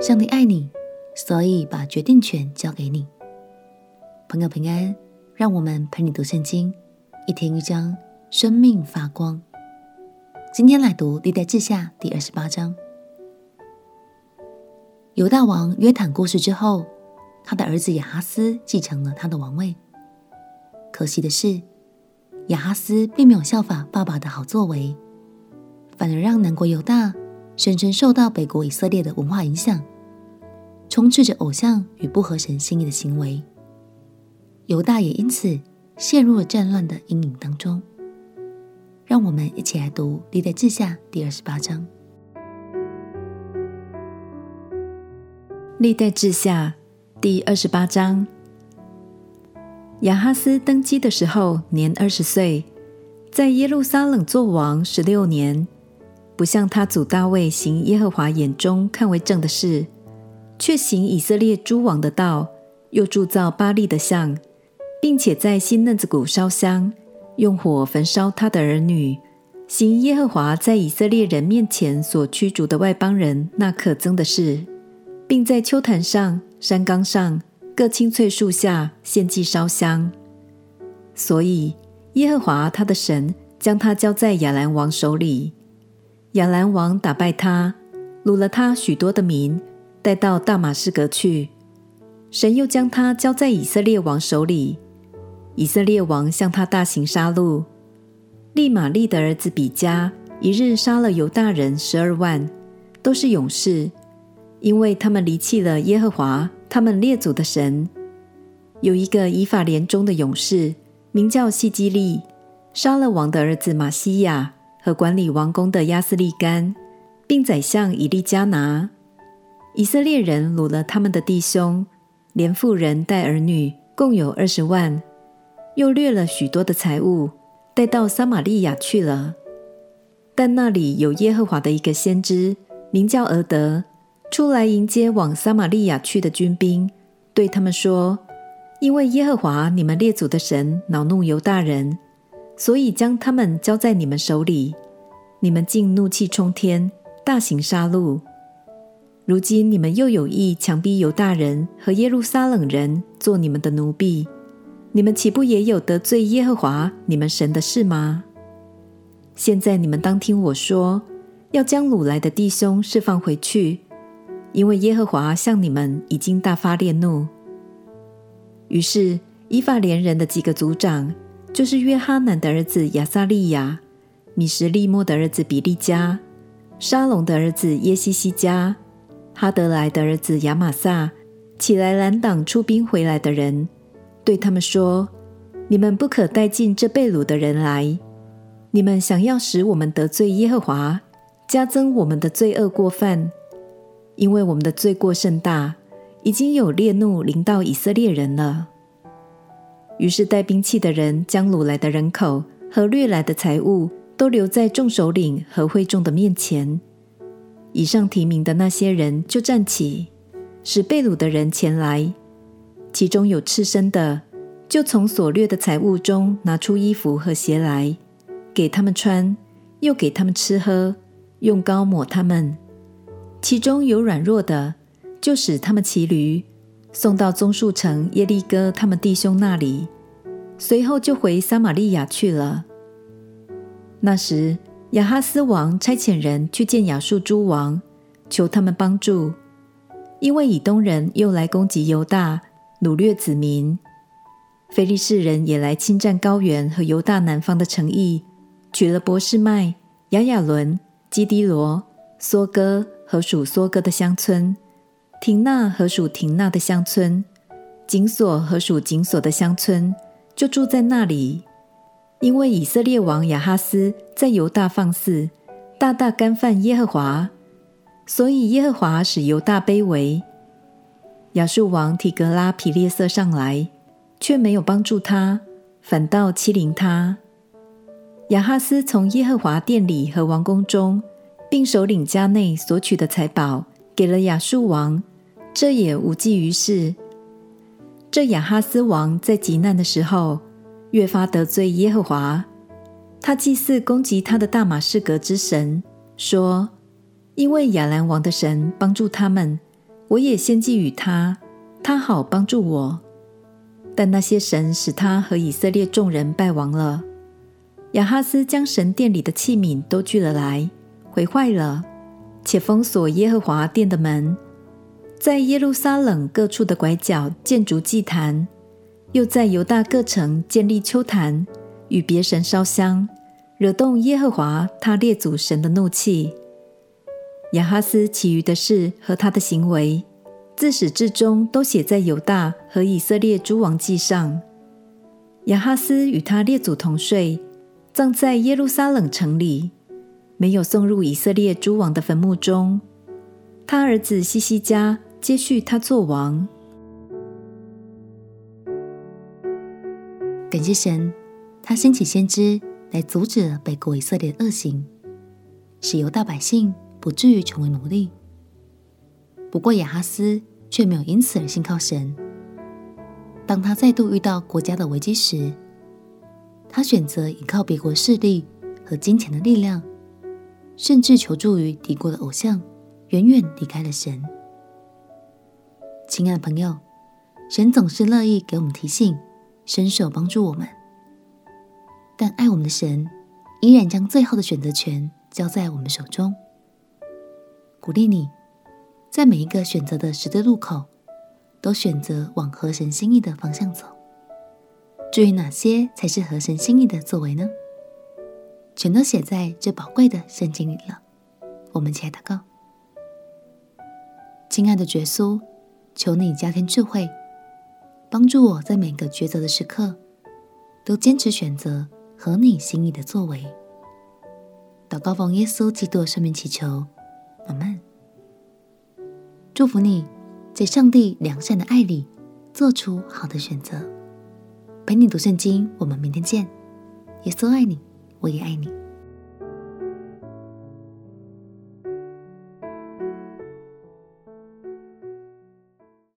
上帝愛你，所以把決定權交給你。朋友平安，讓我們陪你讀聖經，一天一章，生命發光。今天來讀《歷代志下》第二十八章。猶大王約坦過世之後，他的兒子亞哈斯繼承了他的王位。可惜的是，亞哈斯並沒有效仿爸爸的好作為，反而讓南國猶大。宣稱受到北國以色列的文化影響，充斥着偶像與不合神心意的行為。猶大也因此陷入了戰亂的陰影當中。讓我們一起來讀《歷代志下》第二十八章。《歷代志下》第二十八章：亞哈斯登基的時候年二十歲，在耶路撒冷做王十六年。不像他祖大衛行耶和華眼中看為正的事，卻行以色列諸王的道，又鑄造巴力的像，並且在欣嫩子谷燒香，用火焚燒他的兒女，行耶和華在以色列人面前所驅逐的外邦人那可憎的事，並在邱壇上、山岡上各青翠樹下獻祭燒香。所以耶和華他的神將他交在亞蘭王手裡。亞蘭王打敗他，擄了他許多的民，帶到大馬士革去。神又將他交在以色列王手裡。以色列王向他大行殺戮。利瑪利的兒子比加，一日殺了猶大人十二萬，都是勇士，因為他們離棄了耶和華他們列祖的神。有一個以法蓮中的勇士，名叫希基利，殺了王的兒子瑪西亞。和管理王宮的亞斯利干，並宰相以利加拿，以色列人擄了他們的弟兄，連婦人帶兒女，共有二十萬，又掠了許多的財物，帶到撒瑪利亞去了。但那裡有耶和華的一個先知，名叫俄德，出來迎接往撒瑪利亞去的軍兵，對他們說：因為耶和華你們列祖的神惱怒猶大人。所以將他們交在你們手裡，你們竟怒氣沖天，大行殺戮。如今你們又有意強逼猶大人和耶路撒冷人做你們的奴婢，你們豈不也有得罪耶和華你們神的事嗎？現在你們當聽我說，要將擄來的弟兄釋放回去，因為耶和華向你們已經大發烈怒。於是以法蓮人的幾個族長。就是約哈難的兒子亞撒利雅，米什利莫的兒子比利加，沙龍的兒子耶西西加，哈德來的兒子亞瑪撒起來攔擋出兵回來的人，對他們說：“你們不可帶進這被擄的人來。你們想要使我們得罪耶和華，加增我們的罪惡過犯，因為我們的罪過甚大，已經有烈怒臨到以色列人了。”.於是，帶兵器的人將擄來的人口和掠來的財物都留在眾首領和會眾的面前。以上提名的那些人就站起，使被擄的人前來。其中有赤身的，就從所掠的財物中拿出衣服和鞋來給他們穿，又給他們吃喝，用膏抹他們。其中有軟弱的，就使他們騎驢。送到棕樹城耶利哥，他們弟兄那裡，隨後就回撒瑪利亞去了。那時亞哈斯王差遣人去見亞述諸王，求他們幫助，因為以東人又來攻擊猶大，擄掠，掠子民；非利士人也來侵佔高原和猶大南方的城邑，取了伯示麥、亞雅崙、基低羅、梭哥和屬梭哥的鄉村。亭納和屬亭納的鄉村，緊鎖和屬緊鎖的鄉村，就住在那裡。因為以色列王亞哈斯在猶大放肆，大大干犯耶和華，所以耶和華使猶大卑微。亞述王提格拉皮列色上來，卻沒有幫助他，反倒欺凌他。亞哈斯從耶和華殿裡和王宮中，並首領家內所取的財寶，給了亞述王。這也無濟於事。這亞哈斯王在急難的時候，越發得罪耶和華。他祭祀攻擊他的大馬士革之神，說：“因為亞蘭王的神幫助他們，我也獻祭與他，他好幫助我。”但那些神使他和以色列眾人敗亡了。亞哈斯將神殿裡的器皿都聚了來，毀壞了，且封鎖耶和華殿的門。在耶路撒冷各處的拐角建築祭壇，又在猶大各城建立丘壇，與別神燒香，惹動耶和華他列祖神的怒氣。亞哈斯其餘的事和他的行為，自始至終都寫在猶大和以色列諸王記上。亞哈斯與他列祖同睡，葬在耶路撒冷城裡，沒有送入以色列諸王的墳墓中。他兒子希西家，接續他做王。感謝神，他興起先知來阻止了北國以色列的惡行，使猶大百姓不至於成為奴隸。不過亞哈斯卻沒有因此而信靠神。當他再度遇到國家的危機時，他選擇依靠別國的勢力和金錢的力量，甚至求助於敵國的偶像，遠遠離開了神。親愛的朋友，神總是樂意給我們提醒，伸手幫助我們，但愛我們的神依然將最後的選擇權交在我們手中。鼓勵你，在每一個選擇的十字路口，都選擇往合神心意的方向走。至於哪些才是合神心意的作為呢？全都寫在這寶貴的聖經裡了。我們起來禱告，親愛的耶穌，求你加添智慧，幫助我在每個抉擇的時刻，都堅持選擇合你心意的作為。禱告奉耶穌基督的聖名祈求，阿們。祝福你在上帝良善的愛裡，做出好的選擇。陪你讀聖經，我們明天見。耶穌愛你，我也愛你。